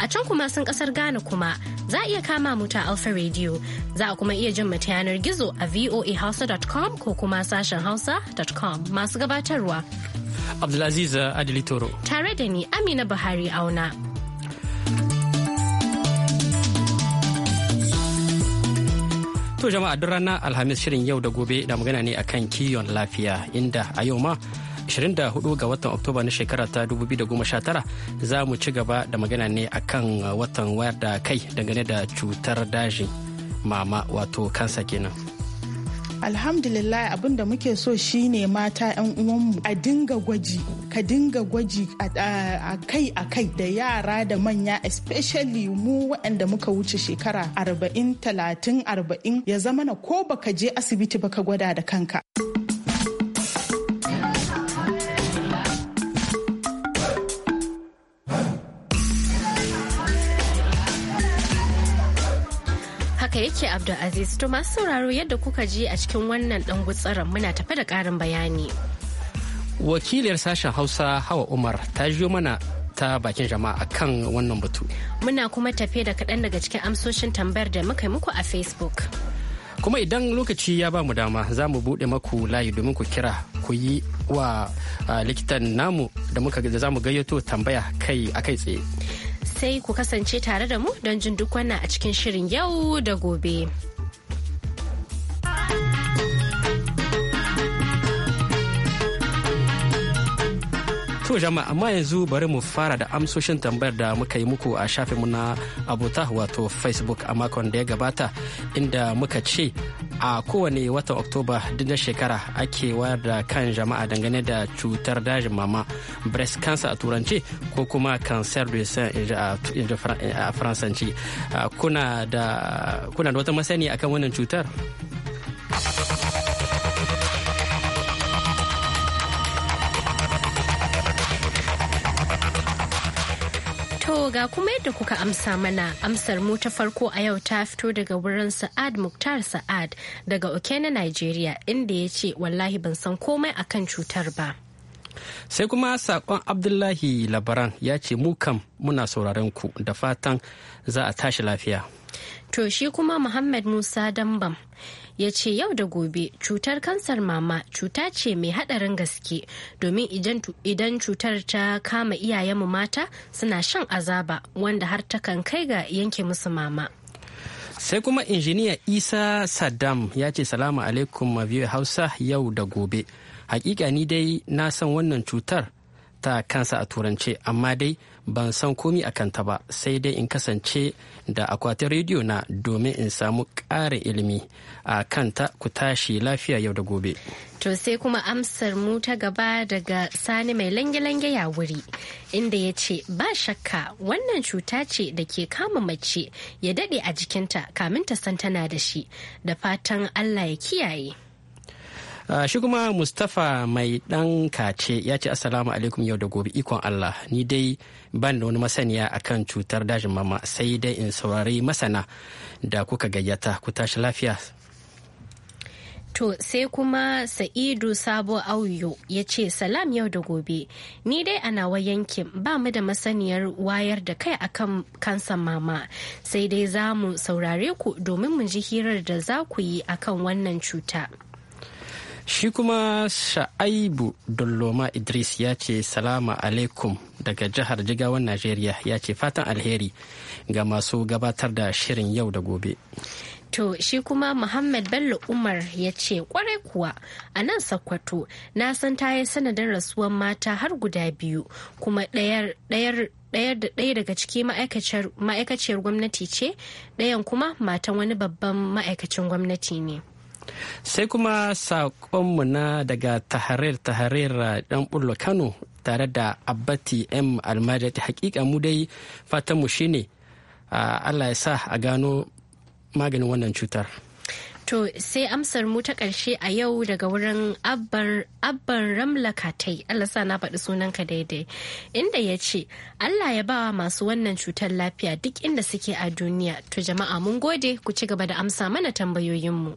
A can kuma sun kasar Ghana kuma za a iya kama mu ta Alpha Radio. Za a kuma iya jin mu yanar gizo a voahausa.com ko kuma sashen hausa.com masu gabatarwa. Abdulaziz uh, Adili Tare da ni Amina Buhari Auna. To jama'a duk ranar Alhamis shirin yau da gobe da magana ne akan kiyon lafiya inda a yau ma 24 ga watan Oktoba na shekara ta 2019 za mu ci gaba da magana ne akan watan wayar da kai dangane da cutar dajin mama wato kansa kenan. alhamdulillah abin da muke so shine mata 'yan uwanmu a dinga gwaji ka dinga gwaji a kai a kai da yara da manya especially mu waɗanda muka wuce shekara 40 30 40 ya zama na ko baka je asibiti baka gwada da kanka. Haka yake Abdulaziz to masu sauraro yadda kuka ji a cikin wannan dan gutsaran muna tafe da karin bayani. Wakiliyar sashen Hausa Hawa Umar ta jiyo mana ta bakin jama'a kan wannan batu. Muna kuma tafe da kaɗan daga cikin amsoshin tambayar da muka yi muku a Facebook. Kuma idan lokaci ya ba mu dama za mu buɗe maku layi domin ku kira ku yi wa ah, likitan namu da muka za mu gayyato tambaya kai a kai tsaye. sai ku kasance tare da mu don jin duk wannan a cikin shirin yau da gobe. To jama'a amma yanzu bari mu fara da amsoshin tambayar da muka yi muku a shafinmu na abota wato Facebook a makon da ya gabata inda muka ce a kowane watan Oktoba duk na shekara ake wayar da kan jama'a dangane da cutar dajin mama breast cancer a turance ko kuma cancer du sein a faransanci kuna da wata masani akan wannan cutar? To ga kuma yadda kuka amsa mana amsar mu ta farko a yau ta fito daga wurin Sa'ad Muktar Sa'ad daga Okene Nigeria inda ya ce wallahi ban san komai a kan cutar ba. Sai kuma sakon Abdullahi Labaran ya ce mu kam muna sauraron ku da fatan za a tashi lafiya. To shi kuma Muhammad Musa Dambam ya ce yau da gobe cutar kansar mama cuta ce mai haɗarin gaske domin idan cutar ta kama iyayenmu mata suna shan azaba wanda har ta kan kai ga yanke musu mama. sai kuma injiniya isa saddam ya ce salamu alaikum maviyu hausa yau da gobe hakika ni dai na san wannan cutar ta kansa a turance amma dai ban san komi a kanta ba sai dai in kasance da akwatin rediyo na domin in samu ƙara ilimi a kanta ku tashi lafiya yau da gobe. To sai kuma amsar mu ta gaba daga sani mai lange-lange ya wuri inda ya ce ba shakka wannan cuta ce da ke kama mace ya daɗe a jikinta kamin ta san tana da shi da fatan Allah ya kiyaye. Ah, shi kuma mustapha mai dan kace ya ce assalamu alaikum yau da gobe ikon allah ni dai ban da wani masaniya akan cutar dajin mama sai dai in saurari masana da kuka gayyata ku tashi lafiya To sai kuma Sa'idu Sabo Auyo ya ce salam yau da gobe, ni dai ana nawa yankin ba mu da masaniyar wayar da kai akan kansan mama, sai dai za mu saurare ku domin mu ji hirar da za ku yi akan wannan cuta. Shi kuma Sha'aibu Dulloma Idris ya ce Salama alaikum daga jihar Jigawan Najeriya ya ce fatan alheri ga masu gabatar da shirin yau da gobe. To shi kuma Muhammad Bello Umar ya ce kwarai kuwa a nan Sokoto na san ta yi sanadin rasuwar mata har guda biyu kuma ɗayar ɗaya daga ciki ma'aikaciyar gwamnati ce ɗayan kuma matan wani babban ma'aikacin gwamnati ne. sai kuma saƙonmu na daga taharir taharir dan bullo kano tare da abbati m almajati hakika mu dai mu shine allah ya sa a gano maganin wannan cutar To sai amsar mu ta ƙarshe a yau daga wurin abban ramla katai Allah sa na faɗi sunanka daidai inda ya ce Allah ya bawa masu wannan cutar lafiya duk inda suke a duniya to jama'a mun gode ku ci gaba da amsa mana tambayoyinmu.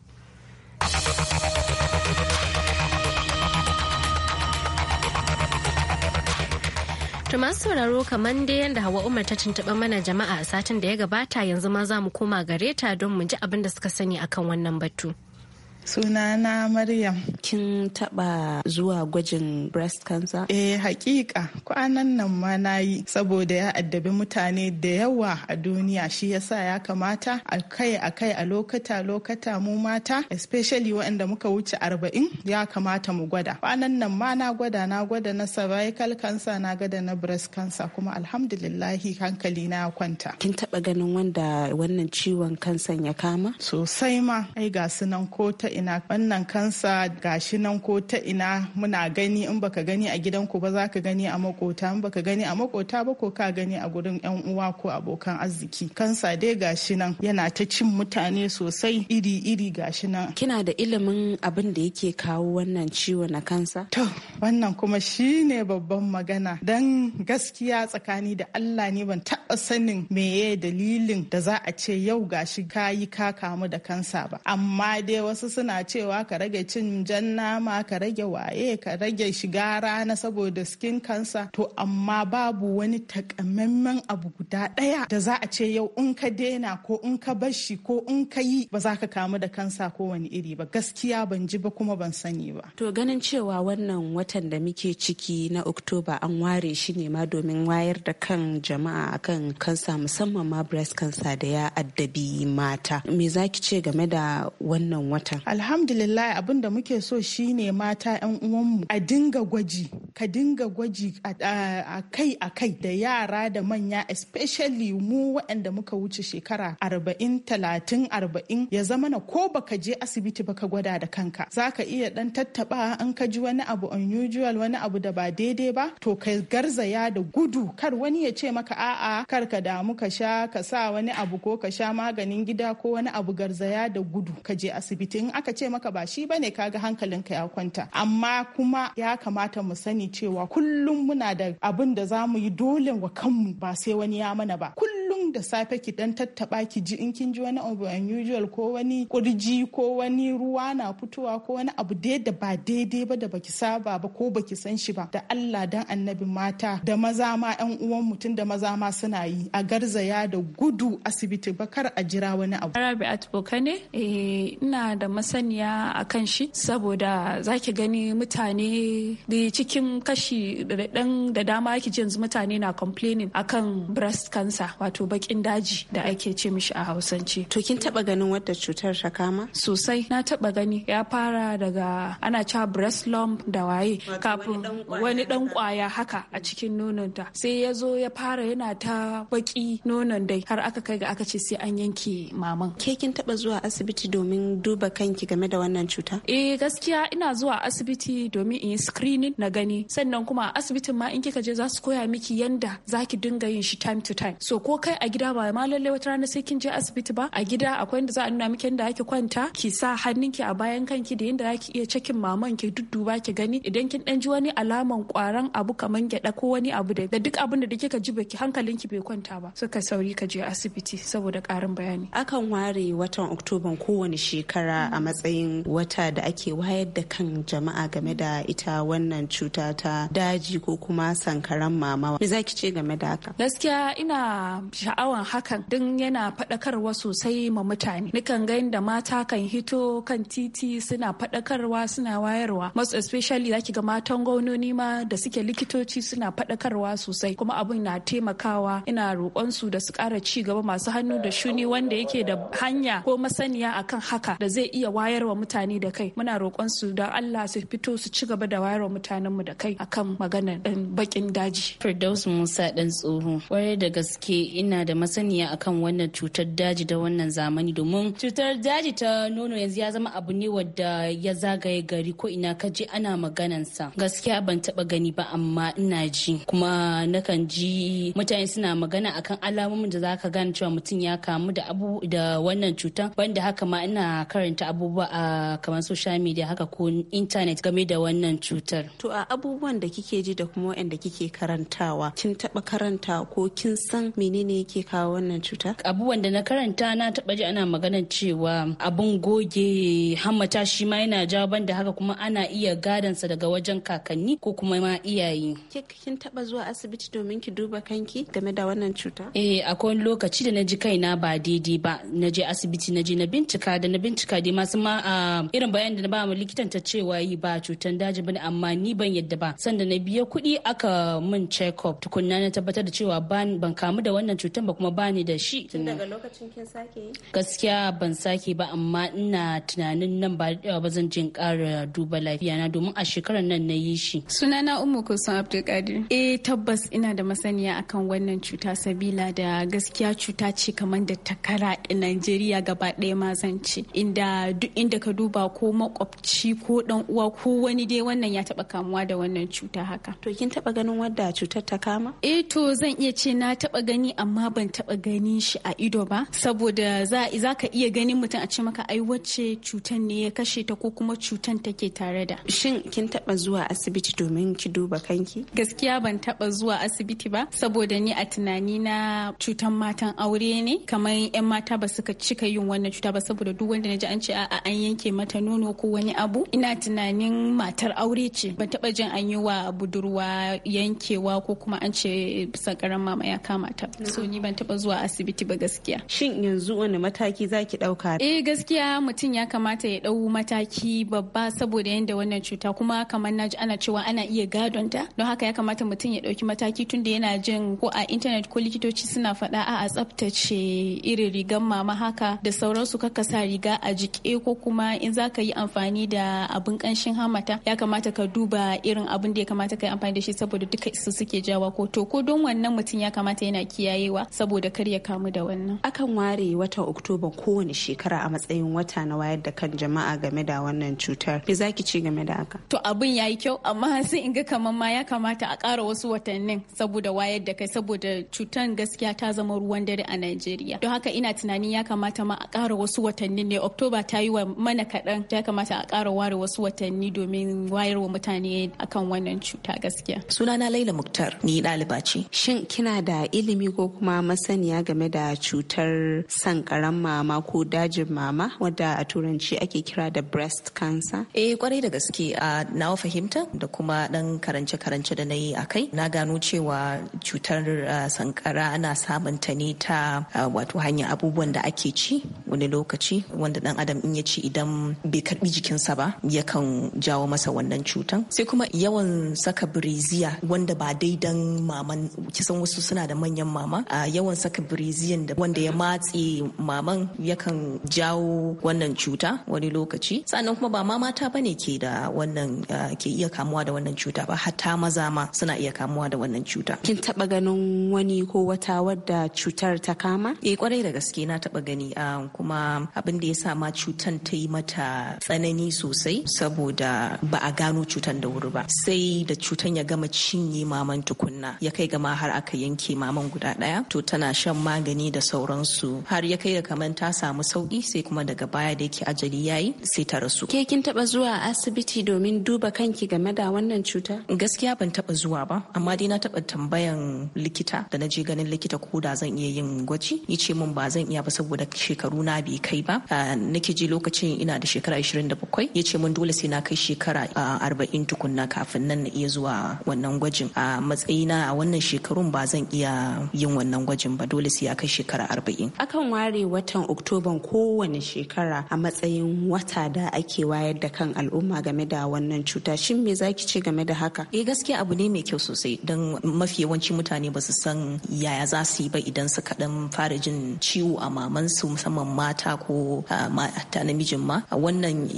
To masu sauraro kamar dai yadda Hawa Umar ta tuntuɓa mana jama'a a satin da ya gabata yanzu ma za mu koma gare ta don mu ji abin da suka sani akan wannan batu. Suna na Maryam. Kin taba zuwa gwajin breast cancer? Eh hakika kwanan nan ma na yi saboda ya addabi mutane da yawa a duniya shi yasa ya kamata a kai a kai a lokata lokata mu mata especially waɗanda muka wuce arba'in ya kamata mu gwada. Kwanan nan ma na gwada na gwada na cervical cancer na gwada na breast cancer kuma alhamdulillahi hankali na kwanta. Kin taba ganin wanda wannan ciwon kansan ya kama? Sosai ma ai ga sunan ko ta ina wannan kansa gashi nan ko ta ina muna gani in baka gani a gidan ku ba za ka gani a makota in baka gani a makota ba ko ka gani a gurin yan uwa ko abokan arziki kansa dai gashi nan yana ta cin mutane sosai iri iri gashi nan kina da ilimin abin da yake kawo wannan ciwo na kansa to wannan kuma shine babban magana dan gaskiya tsakani da Allah ne ban taɓa sanin meye dalilin da za a ce yau gashi kayi ka kamu da kansa ba amma dai wasu suna suna cewa ka rage cin jan nama ka rage waye ka rage shiga rana saboda skin cancer to amma babu wani takamaiman abu guda daya da za a ce yau in ka dena ko in ka bashi ko in ka yi ba za ka kamu da kansa ko wani iri ba gaskiya ban ji ba kuma ban sani ba to ganin cewa wannan watan da muke ciki na oktoba an ware shi ne ma domin wayar da kan jama'a akan kansa musamman ma breast cancer da ya addabi mata me za ki ce game da wannan watan alhamdulillah abin da muke so shine mata 'yan uwanmu a dinga gwaji ka dinga gwaji a kai a kai da yara da manya especially mu waɗanda muka wuce shekara arba'in talatin arba'in ya zama na ko baka je asibiti ba ka gwada da kanka za ka iya ɗan tattaɓa an ka ji wani abu unusual wani abu da ba daidai ba to ka garzaya da gudu kar wani ya ce maka a'a kar ka damu ka sha ka sa wani abu ko ka sha maganin gida ko wani abu garzaya da gudu ka je asibiti in aka ce maka ba shi bane kaga hankalinka ya kwanta amma kuma ya kamata mu sani cewa kullum muna da abin da za mu yi dole wa kanmu ba sai wani ya mana ba da safe ki dan tattaba ki ji in kin ji wani abu unusual ko wani kurji ko wani ruwa na fitowa ko wani abu da da ba daidai ba da baki saba ba ko baki san shi ba da Allah dan annabi mata da maza ma yan uwan mutum da maza ma suna yi a garzaya da gudu asibiti ba kar a jira wani abu. Rabi'at Bokane eh ina da masaniya akan shi saboda zaki gani mutane da cikin kashi da da dama yake yanzu mutane na complaining akan breast cancer wato bakin daji da ake ce mishi a hausance to kin taba ganin wadda cutar ta kama sosai na taba gani ya fara daga ana cewa breast lump da waye kafin wani dan kwaya haka a cikin nononta sai ya zo ya fara yana ta baki nonon dai har aka kai ga aka ce sai an yanke maman ke kin taba zuwa asibiti domin duba kanki game da wannan cuta eh gaskiya ina zuwa asibiti domin in yi screening na gani sannan kuma asibitin ma in kika je za su koya miki yanda zaki dinga yin shi time to time so ko kai a gida ba ma lallai wata rana sai kin je asibiti ba a gida akwai inda za a nuna miki inda ake kwanta ki sa hannun ki a bayan kanki da yadda zaki iya cakin maman ki dudduba ki gani idan kin dan ji wani alaman kwaran abu kaman gyada ko wani abu da duk abin da kika ji baki ki bai kwanta ba suka sauri ka je asibiti saboda karin bayani akan ware watan oktoban kowane shekara a matsayin wata da ake wayar da kan jama'a game da ita wannan cuta ta daji ko kuma sankaran mama me zaki ce game da haka gaskiya ina sha'awan hakan don yana faɗakarwa sosai ma mutane nikan ga inda mata kan hito kan titi suna faɗakarwa suna wayarwa most especially zaki ga matan gwamnoni ma da suke likitoci suna faɗakarwa sosai kuma abun na taimakawa ina roƙon su da su ƙara ci gaba masu hannu da shuni wanda yake da hanya ko masaniya akan haka da zai iya wayarwa mutane da kai muna roƙon su da Allah su fito su ci gaba da wayarwa mutanen mu da kai akan maganar bakin daji Firdaus Musa dan tsoho kwarai da gaske ina yana da masaniya akan wannan cutar daji da wannan zamani domin cutar daji ta nono yanzu ya zama abu ne wadda ya zagaye gari ko ina ka je ana maganansa gaskiya ban taba gani ba amma ina ji kuma nakan ji mutane suna magana akan alamomin da zaka gane cewa mutum ya kamu da abu da wannan cutar banda haka ma ina karanta abubuwa a kamar social media haka ko internet game da wannan cutar to a abubuwan da kike ji da kuma waɗanda kike karantawa kin taba karanta ko kin san menene yake kawo wannan cuta abubuwan da na karanta na taba ji ana maganar cewa abun goge hammata shi ma yana jawo da haka kuma ana iya gadansa daga wajen kakanni ko kuma ma iyaye kin taba zuwa asibiti domin ki duba kanki game da wannan cuta eh akwai lokaci da na ji kaina ba daidai ba na je asibiti na je na bincika da na bincika dai masu ma irin bayan da na ba mu likitan ta cewa yi ba cutan daji bane amma ni ban yadda ba sanda na biya kuɗi aka min check up tukunna na tabbatar da cewa ban kamu da wannan cuta. September kuma bani da shi. Tun daga lokacin kin sake yi? Gaskiya ban sake ba amma ina tunanin nan ba da ba zan jin ƙara duba lafiya na domin a shekarar nan na yi shi. Sunana Ummu kusan Abdulkadir. Eh tabbas ina da masaniya akan wannan cuta sabila da gaskiya cuta ce kamar da takara a Najeriya gaba ɗaya ma zan ce. Inda duk inda ka duba ko makwabci ko dan uwa ko wani dai wannan ya taba kamuwa da wannan cuta haka. To kin taba ganin wadda cutar ta kama? Eh to zan iya ce na taba gani amma ban taba ganin shi a ido ba saboda za ka iya ganin mutum a ce maka ai wacce cutan ne ya kashe ta ko kuma cutan take tare da shin kin taba zuwa asibiti domin ki duba kanki gaskiya ban taba zuwa asibiti ba saboda ni a tunani na cutan matan aure ne kamar yan mata ba suka cika yin wannan cuta ba saboda duk wanda naji an ce a an yanke mata nono ko wani abu ina tunanin matar aure ce ban taba jin an yi wa budurwa yankewa ko kuma an ce sankaran mama ya kama ta so ni ban taba zuwa asibiti ba gaskiya shin yanzu wani mataki za ki dauka eh gaskiya mutum ya kamata ya ɗau mataki babba saboda yanda wannan cuta kuma kamar na ji ana cewa ana iya gadon ta don haka ya kamata mutum ya ɗauki mataki tun da yana jin ko a intanet ko likitoci suna faɗa a tsaftace irin rigan mama haka da sauransu kaka sa riga a jike ko kuma in za ka yi amfani da abin kanshin hamata ya kamata ka duba irin abin da ya kamata ka yi amfani da shi saboda duka su suke jawa ko to ko don wannan mutum ya kamata yana kiyayewa saboda kar ya kamu da wannan akan ware watan oktoba kowane shekara a matsayin wata na wayar da kan jama'a game da wannan cutar me zaki ci game da haka to abin yayi kyau amma sai in ga kamar ma ya kamata a ƙara wasu watannin saboda wayar da kai saboda cutar gaskiya ta zama ruwan dare a Najeriya don haka ina tunanin ya kamata ma a ƙara wasu watannin ne oktoba ta yi wa mana kaɗan ya kamata a ƙara ware wasu watanni domin wayarwa mutane akan wannan cuta gaskiya sunana laila muktar ni ɗaliba ce shin kina da ilimi ko kuma Ama masaniya game da cutar sankaran mama ko dajin mama wadda a turanci ake kira da breast cancer? Eh kwarai da gaske a nawa fahimta da kuma dan karance-karance da na yi a kai na gano cewa cutar sankara ana samun ta ne ta wato hanyar abubuwan da ake ci wani lokaci wanda dan adam in ya ci idan bai karbi jikinsa ba yakan jawo masa wannan cutan sai kuma yawan saka wanda ba daidan maman kisan wasu suna da manyan mama a yawan saka biriziyan da wanda ya matse maman yakan jawo wannan cuta wani lokaci sannan kuma ba ma mata ne ke da wannan ke iya kamuwa da wannan cuta ba hatta maza ma suna iya kamuwa da wannan cuta kin taba ganin wani ko wata wadda cutar ta kama eh kwarai da gaske na taba gani kuma abin da ya sa ma cutan ta yi mata tsanani sosai saboda ba a gano cutan da wuri ba sai da cutan ya gama cinye maman tukunna ya kai gama har aka yanke maman guda ɗaya. to tana shan magani da sauransu har ya kai da kamar ta samu sauki sai kuma daga baya da yake ajali yayi sai ta rasu ke kin taba zuwa asibiti domin duba kanki game da wannan cuta gaskiya ban taba zuwa ba amma dai na taba tambayan likita da na je ganin likita ko da zan iya yin gwaji ya ce min ba zan iya ba saboda shekaru na bai kai ba nake ji lokacin ina da shekara 27 ya ce min dole sai na kai shekara arba'in tukunna kafin nan na iya zuwa wannan gwajin a matsayina a wannan shekarun ba zan iya yin wannan wannan gwajin ba dole sai aka shekara arba'in. Akan ware watan Oktoban kowane shekara a matsayin wata da ake wayar da kan al'umma game da wannan cuta. Shin me zaki ce game da haka? Eh gaskiya abu ne mai kyau sosai don mafi yawanci mutane ba su san yaya za su yi ba idan suka dan fara jin ciwo a mamansu musamman mata ko mata namijin ma. Wannan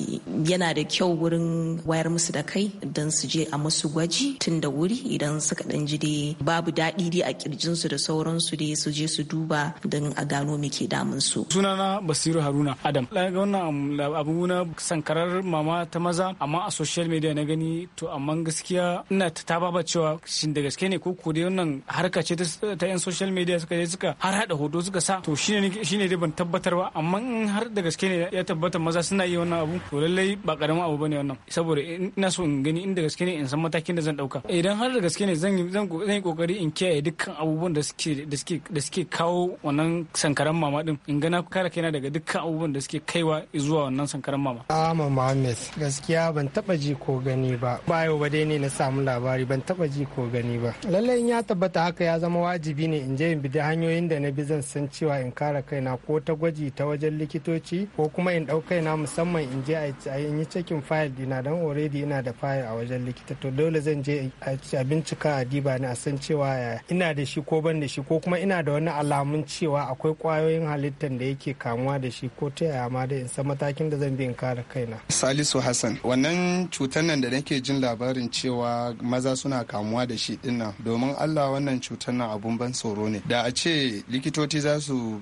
yana da kyau wurin wayar musu da kai don su je a musu gwaji tun da wuri idan suka dan ji babu daɗi dai a kirjinsu da sauransu su dai su je su duba don a gano me ke damun su sunana basiru haruna adam daga wannan abu na sankarar mama ta maza amma a social media na gani to amma gaskiya ina ta baba cewa shin da gaske ne ko ko dai wannan harka ce ta yan social media suka je suka har hada hoto suka sa to shine shine dai ban tabbatar ba amma in har da gaske ne ya tabbata maza suna yi wannan abu to lallai ba karamin abu bane wannan saboda ina so in gani inda gaske ne in san matakin da zan dauka idan har da gaske ne zan yi kokari in kiyaye dukkan abubuwan da suke da da suke kawo wannan sankaran mama din in gana kare kaina daga dukkan abubuwan da suke kaiwa zuwa wannan sankaran mama Ahmad mohammed gaskiya ban taba ji ko gani ba ba yau ba dai ne na samu labari ban taba ji ko gani ba lallai in ya tabbata haka ya zama wajibi ne in je in bi da hanyoyin da na bi zan san cewa in kare kaina ko ta gwaji ta wajen likitoci ko kuma in ɗau na musamman in je a yi cikin fayil dina dan already ina da fayil a wajen likita to dole zan je a bincika a diba ni a san cewa ina da shi ko ban da shi ko kuma ina da wani alamun cewa akwai kwayoyin halittar da yake kamuwa da shi ko ta yaya ma da in san matakin da zan bi in kare kaina salisu hassan wannan cutar nan da nake jin labarin cewa maza suna kamuwa da shi dinnan domin allah wannan cutar nan abun ban tsoro ne da a ce likitoci za su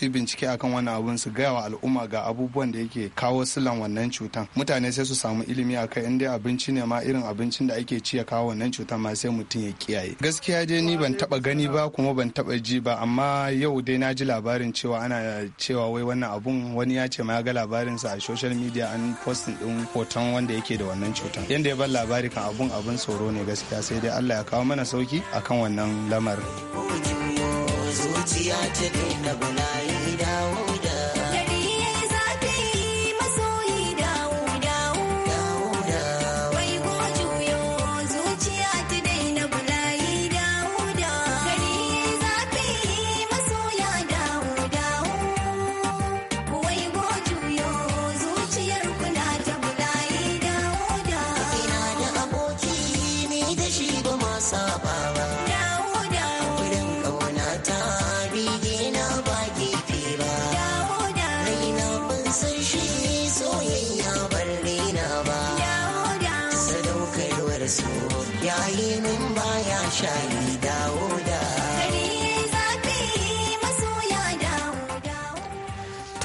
yi bincike akan wannan abun su gaya wa al'umma ga abubuwan da yake kawo silan wannan cutan mutane sai su samu ilimi akai in dai abinci ne ma irin abincin da ake ci ya kawo wannan cutan ma sai mutum ya kiyaye gaskiya dai ni ban taba gani ba kuma ban taba taɓa ji ba amma yau dai na ji labarin cewa ana cewa wai wannan abun wani ya ce ma ya ga labarinsa a social media an posting din hoton wanda yake da wannan cutar yanda ya bar labari kan abun abun tsoro ne gaskiya sai dai Allah ya kawo mana sauki akan wannan lamarin.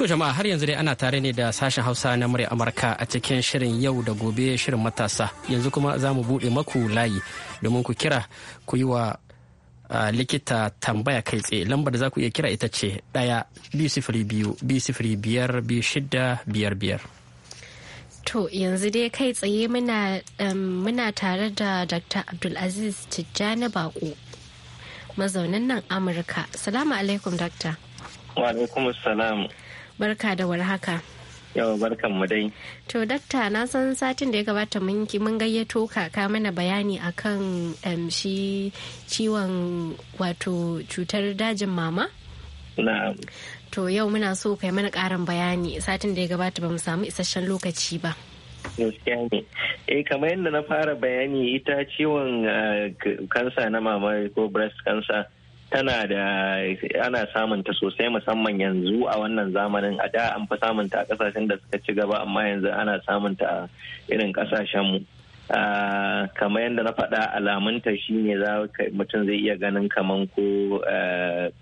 jama'a har yanzu dai ana tare ne da sashen Hausa na murya Amurka a cikin shirin yau da gobe shirin matasa. Yanzu kuma za mu buɗe maku layi domin ku kira ku yi wa likita tambaya kai tsaye lambar da za ku iya kira ita ce ɗaya biyu sifiri biyu biyu sifiri biyar biyu shida biyar biyar. To yanzu dai kai tsaye muna, um, tare da Dr. Abdulaziz Tijjani Bako mazaunin nan Amurka. Salamu alaikum Dr. Wa alaikum salam. barka da warhaka yau barkan mu dai to dakta na san satin da ya gabata mun mun gayyato kaka mana bayani akan um, shi ciwon wato cutar dajin mama na'am to yau muna so kai mana karin bayani satin da ya gabata ba mu samu isasshen lokaci ba eh kamar yadda na fara bayani ita ciwon eh, kansa na mama ko breast cancer tana da ana samun ta sosai musamman yanzu a wannan zamanin a da an fi samun ta a kasashen da suka ci gaba amma yanzu ana samun ta a irin kasashen mu kamar yadda na faɗa alamunta shine za mutum zai iya ganin kamar ko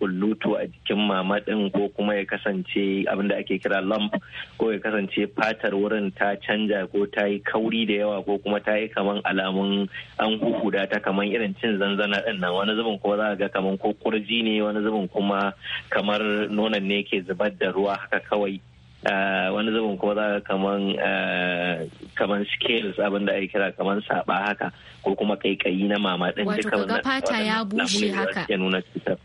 kullutu a jikin mamadin ko kuma ya kasance abinda ake kira lump ko ya kasance fatar wurin ta canja ko ta yi kauri da yawa ko kuma ta yi kamar alamun an huhuda ta kamar irin cin zanzana ɗin nan wani zubin kuma za ga kamar ko kurji ne wani zubin kuma kamar nonon ne ke zubar da ruwa haka kawai Eh, wani zubin kuma za kaman eh, kaman scales abinda da ake kira kaman saba haka ko kuma kaikayi na mama din duka wannan fata ya bushe haka ya nuna cutar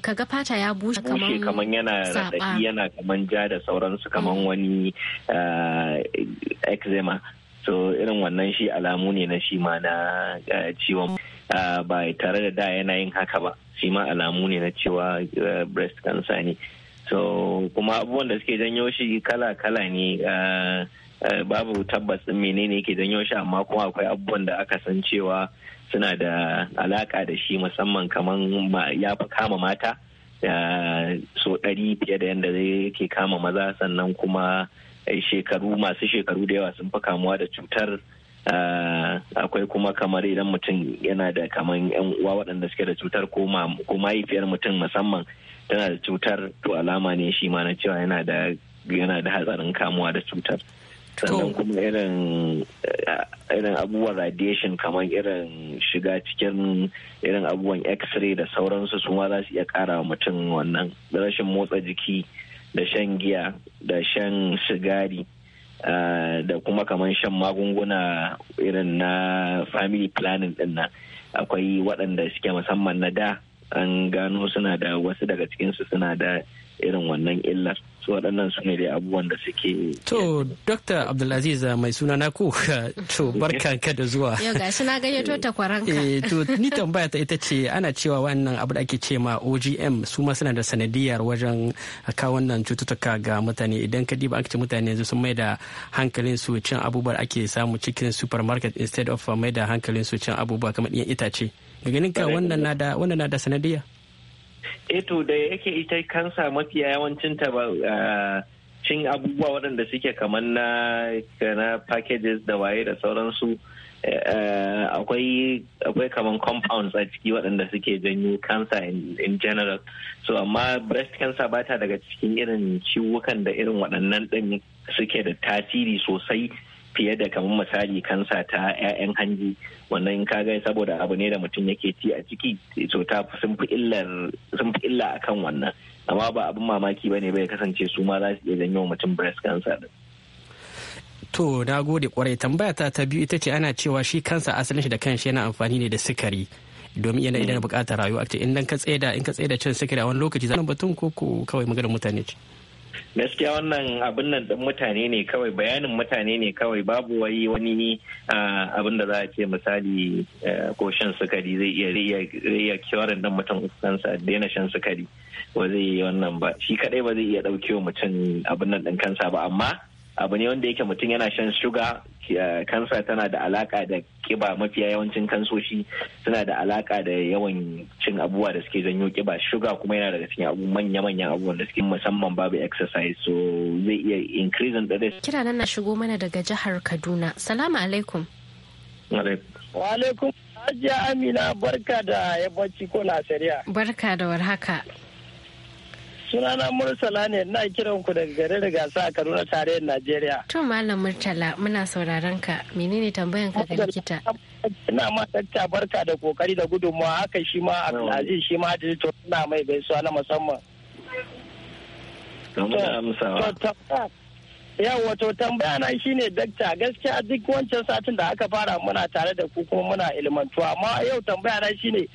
ka ga fata ya bushe kaman kaman yana radadi yana kaman ja da sauransu kaman wani eh, eczema so irin wannan shi alamu ne na shi ma na ciwon ba tare da da yana yin haka ba shi ma alamu ne na cewa breast cancer ne so kuma abubuwan da suke janyo shi kala-kala ne eh, eh, babu tabbas ɗin menene ke janyo shi amma kuma akwai abubuwan da aka san cewa suna da alaka da shi musamman kamar ya fi kama mata eh, so ɗari fiye da yadda zai ke kama maza sannan kuma shekaru masu shekaru da yawa sun fi kamuwa da cutar Ah, akwai kuma kamar idan mutum yana da kamar yan uwa waɗanda suke da cutar ko mahaifiyar mutum musamman tana da cutar to alama ne shi ma na cewa yana da da hatsarin kamuwa da cutar sannan kuma irin eh, irin abubuwan radiation kamar irin shiga cikin irin abubuwan x-ray da sauransu su ma za su iya kara wa mutum wannan rashin motsa jiki da shan giya da shan sigari Eh, da kuma kamar shan magunguna irin na family planning din nan akwai waɗanda suke musamman na da an gano suna da wasu daga cikinsu suna da irin wannan illar su waɗannan su ne dai abubuwan da suke to dr abdulaziz eh, mai suna na ku to ka da zuwa yau gashi na gayyato ta kwaranka eh to ni tambaya ta ita ce ana cewa wannan abu da ake ce ma OGM su ma suna da sanadiyar wajen kawo wannan cututtuka ga mutane idan ka diba aka mutane yanzu sun mai da hankalin su cin abubuwa ake samu cikin supermarket instead of mai da hankalin su cin abubuwa kamar iyan itace ga ganin ka wannan na da sanadiyar eto eh da yake ita kansa mafiya yawancin ta ba cin abubuwa waɗanda suke kamar na na packages da waye da sauransu eh, eh, akwai akwai kamar compounds a ciki waɗanda suke janyo cancer in general so amma breast cancer ba ta daga cikin irin ciwukan da irin waɗannan ɗin suke da tasiri sosai fiye da kamar misali kansa ta 'ya'yan hanji wannan in kaga saboda abu ne da mutum yake ci a ciki so ta sun fi illa akan wannan amma ba abin mamaki ba ne bai kasance su ma za su iya janyo mutum breast cancer din to na gode kwarai tambaya ta ta biyu ita ce ana cewa shi kansa asalin shi da kanshi yana amfani ne da sukari domin yana idan bukatar rayuwa in ka tsaida in ka da cin sukari a wani lokaci za batun ko kawai maganar mutane ce gaskiya wannan abin nan ɗin mutane ne kawai bayanin mutane ne kawai babu wai wani abin da za a ce misali ko shan sukari zai iya iya kiwarin mutum kansa daina shan sukari ba zai yi wannan ba shi kadai ba zai iya ɗauke wa mutum abin nan ɗin kansa ba amma abu ne wanda yake mutum yana shan shuga eh, kansa tana da alaka da kiba mafiya yawancin kansoshi suna da alaka da yawan cin abubuwa da suke janyo kiba shuga kuma yana daga cikin abu manya manyan abubuwan da suke musamman babu exercise so zai iya increasing da risk kira nan na shigo mana daga jihar Kaduna salamu alaikum wa alaikum Hajiya Amina barka da yabanci ko na Barka da warhaka. sunana murtala ne na kiran ku daga garin gasa a kaduna tarayyar najeriya to malam murtala muna sauraron ka menene tambayan ka ga likita ina ma dakta barka da kokari da gudunmawa haka shi ma abdulaziz shi ma da to ina mai gaisuwa na musamman yau wato tambaya na shine dakta gaskiya duk wancan satin da aka fara muna tare da ku kuma muna ilmantuwa amma yau tambaya na shine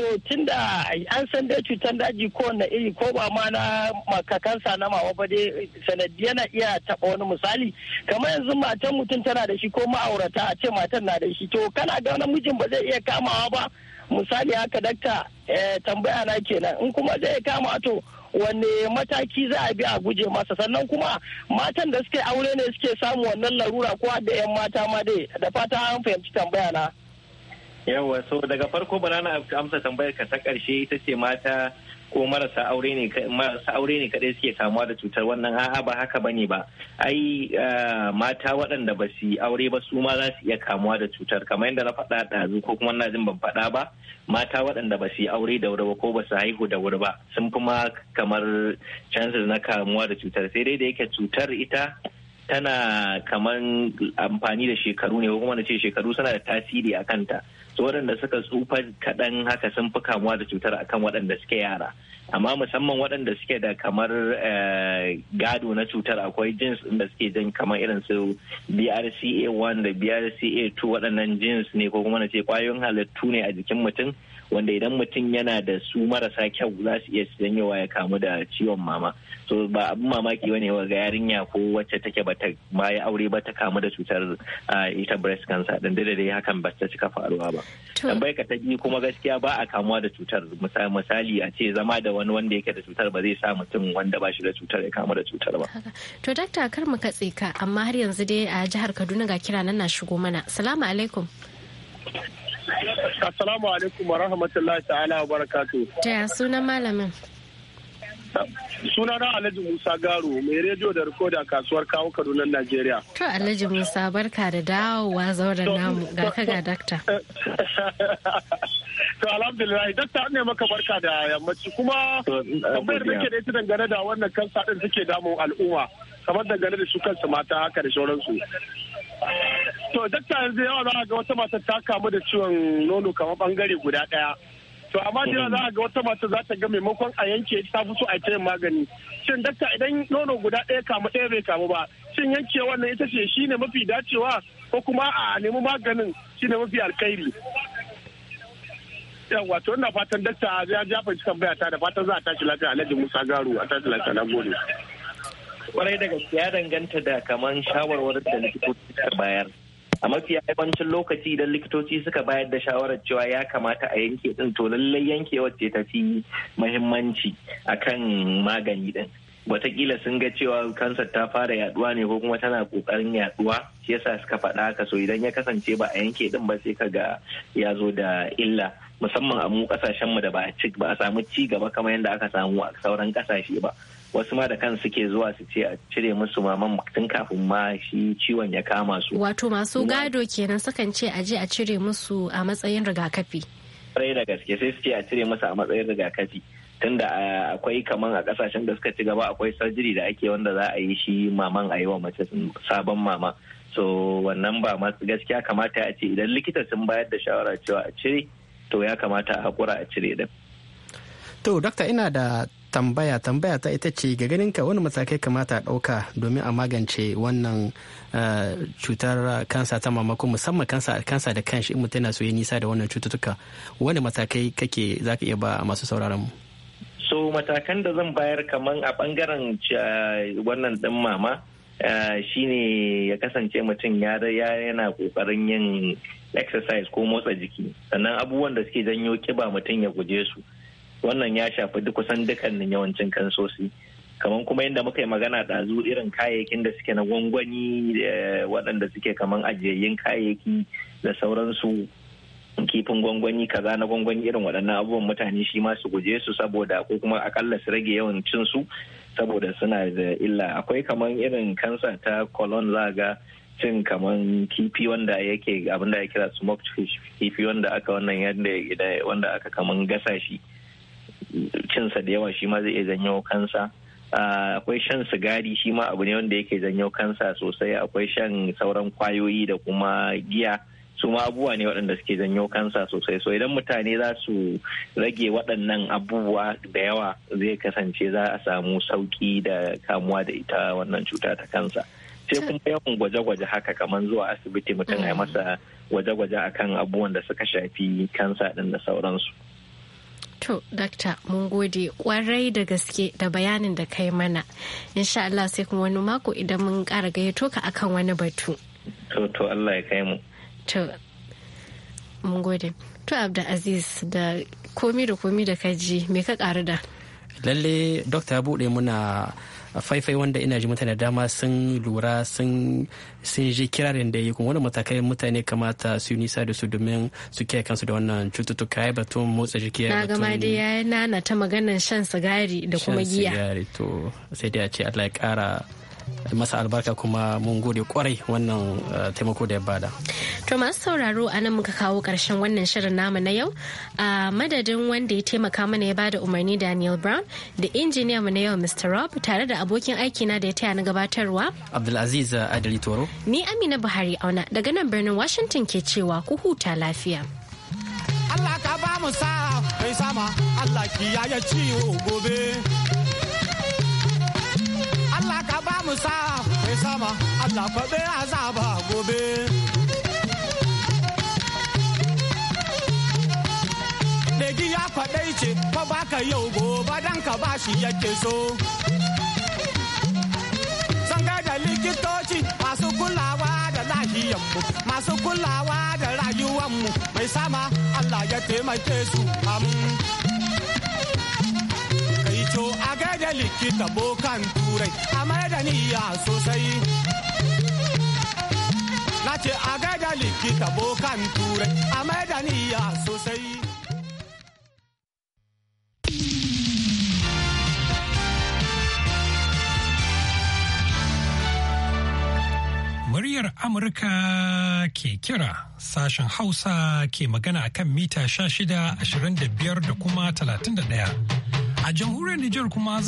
to da an san dai cutar daji ko na iri ko ba ma na makakansa na mawa ba dai sanadi yana iya taba wani misali kamar yanzu matan mutum tana da shi ko ma'aurata a ce matan na da shi to kana ga mijin ba zai iya kamawa ba misali haka dakta eh, tambaya na kenan in kuma zai kama to wanne mataki za a bi a guje masa sannan kuma matan da suke aure ne suke samu wannan larura ko da 'yan mata ma dai da fata an fahimci tambaya na. yawa so daga farko ba na amsa tambayar ka ta karshe ita ce mata ko marasa aure ne marasa aure ne kadai suke kamuwa da cutar wannan a'a ba haka bane ba ai eh, mata waɗanda ba su aure ba su ma za su iya kamuwa da cutar kamar yadda na faɗa ɗazu ko kuma na jin ban faɗa ba mata waɗanda ba su aure da wuri ba ko ba su haihu da wuri ba sun fi ma kamar chances na kamuwa da cutar sai dai da yake cutar ita tana kamar amfani da shekaru ne ko kuma na ce shekaru suna da tasiri a kanta su waɗanda suka tsufa kaɗan haka sun fi kamuwa da cutar akan waɗanda suke yara amma musamman waɗanda suke da kamar eh, gado na cutar akwai jins da suke jin kamar irin su brca1 da brca2 waɗannan jins ne ko kuma na ce kwayoyin halittu ne a jikin mutum wanda idan mutum yana da su marasa kyau za su iya janyowa ya kamu da ciwon mama so ba abin mamaki wani ga yarinya ko wacce take bata ma ya aure ba ta kamu da cutar ita breast cancer din da dai hakan ba ta cika faruwa ba tambayar ka ta biyu kuma gaskiya ba a kamuwa da cutar misali a ce zama da wani wanda yake da cutar ba zai sa mutum wanda ba shi da cutar ya kamu da cutar ba to dakta kar mu katse ka amma har yanzu dai a jihar Kaduna ga kira nan na shigo mana salamu alaikum Assalamu alaikum wa rahmatullahi ta'ala wa barakatu. Ta sunan malamin? Suna na Alhaji Musa Garo mai rediyo da rikoda kasuwar kawo Kaduna Najeriya. To Alhaji Musa barka da dawowa zauren namu ga ga dakta. To alhamdulillah dakta ne maka barka da yammaci kuma kamar da ke da ita dangane da wannan kansa din suke damun al'umma kamar dangane da su kansu mata haka da sauransu. To dakta yanzu yawa za a ga wata mata ta kamu da ciwon nono kamar bangare guda daya. To amma da za a ga wata mata za ta ga maimakon a yanke ta fi so a ta magani. Shin dakta idan nono guda daya kamu daya bai kamu ba, shin yanke wannan ita ce shine mafi dacewa ko kuma a nemi maganin shine mafi alkhairi. yawa to ina fatan dakta ya jafa cikin bayata da fatan za a tashi lafiya alhaji musa garu a tashi lafiya na gode kwarai da gaske ya danganta da kaman shawarwarin da likitoci suka bayar a mafi yawancin lokaci idan likitoci suka bayar da shawarar cewa ya kamata a yanke din to lallai yankewar ce ta fi muhimmanci akan magani din watakila sun ga cewa kansar ta fara yaduwa ne ko kuma tana kokarin yaduwa shi yasa suka faɗa haka so idan ya kasance ba a yanke din ba sai kaga ya zo da illa musamman a mu kasashen mu da ba a ci ba a samu ci gaba kamar yadda aka samu a sauran kasashe ba wasu ma da kan suke zuwa su ce a cire musu maman tun kafin ma shi ciwon ya kama su wato masu gado kenan sukan ce a je a cire musu a matsayin rigakafi kwarai da gaske sai suke a cire musu a matsayin rigakafi tunda eh, akwai kaman a kasashen da suka ci gaba akwai sajiri da ake wanda za a yi shi maman a yi wa mace sabon mama so wannan ba masu gaskiya kamata a ce idan likita sun bayar da shawara cewa a cire to ya kamata a hakura a cire din to dakta ina da tambaya tambaya ta ita ce ga ganin ka wani matakai kamata a ɗauka domin a magance wannan eh, cutar kansa ta mamako musamman kansa kansa da kanshi in mutum tana so ya nisa da wannan cututtuka wani matakai kake zaka iya ba masu sauraron mu so matakan da zan bayar kaman a bangaren eh, wannan din mama eh, shine ya kasance mutum ya yana kokarin yin exercise ko motsa jiki sannan abubuwan da suke janyo kiba mutum ya guje su wannan ya shafi duk kusan dukkanin yawancin kansosi kamar kuma yadda muka yi magana ɗazu irin kayayyakin da suke na gwangwani eh, waɗanda suke kamar ajiyayyen kayayyaki da sauransu kifin gwangwani kaza na gwangwani irin waɗannan abubuwan mutane shi ma su guje su saboda ko kuma akalla su rage yawan cin su saboda suna da illa akwai kamar irin kansa ta colon zaga cin kaman kifi wanda yake abinda ya kira smoked fish kifi wanda aka wannan yadda wanda aka kaman gasa shi cinsa da yawa shi ma zai iya janyo kansa ah, akwai shan sigari shi ma abu ne wanda yake janyo kansa sosai akwai shan sauran kwayoyi da kuma giya su ma abubuwa ne waɗanda suke janyo kansa sosai so idan mutane za su rage waɗannan abubuwa da yawa zai kasance za a samu sauƙi da kamuwa da ita wannan cuta ta kansa sai kuma yawan gwaje-gwaje haka kamar zuwa asibiti mutum ya masa gwaje-gwaje akan abubuwan da suka shafi kansa ɗin da sauransu. To, Dr. mun gode kwarai da gaske da bayanin da kai mana. Insha Allah sai kuma wani mako idan mun ƙara gayyato ka akan wani batu. To, to Allah ya kai mu. To, mun gode. To, Aziz da komi da komi da kaji me ka ƙaru da? Lalle, dokta buɗe muna a faifai wanda ina ji mutane dama sun lura sun je kirarin da yi kuma wani matakai mutane kamata su nisa da su domin su kiyaye kansu da wannan cututtuka ya batun motsa jiki ya batun na dai ya nana ta maganar shan sigari da kuma giya shan sigari to sai dai a ce Allah ya kara masa albarka kuma mun gode kwarai wannan eh, taimako da ya bada. To masu sauraro a nan muka kawo karshen wannan shirin namu na yau a madadin wanda ya taimaka mana ya bada umarni Daniel Brown da injiniyan mu na yau Mr. Rob tare da abokin aiki na da ya taya na gabatarwa. Abdulaziz eh, Adali Toro. Ni Amina Buhari auna daga nan birnin Washington ke cewa ku huta lafiya. Allah ka ba mu sa mai sama Allah ki ciwo gobe. ba mu sa mai sama Allah kwabe azaba gobe. Megi ya kwaɗai ce fa baka yau gobe dan ka bashi yake so. Sanga da likitoci masu kulawa da lahiyanmu masu kulawa da rayuwanmu mai sama Allah ya taimake su amin. To a gaida likita bokan turai a da niyya sosai. Na ce a gaida likita bokan turai a da niyya sosai. Muryar Amurka ke kira sashen Hausa ke magana akan mita 16, 25 da kuma 31. A jamhuriyar Nijar kuma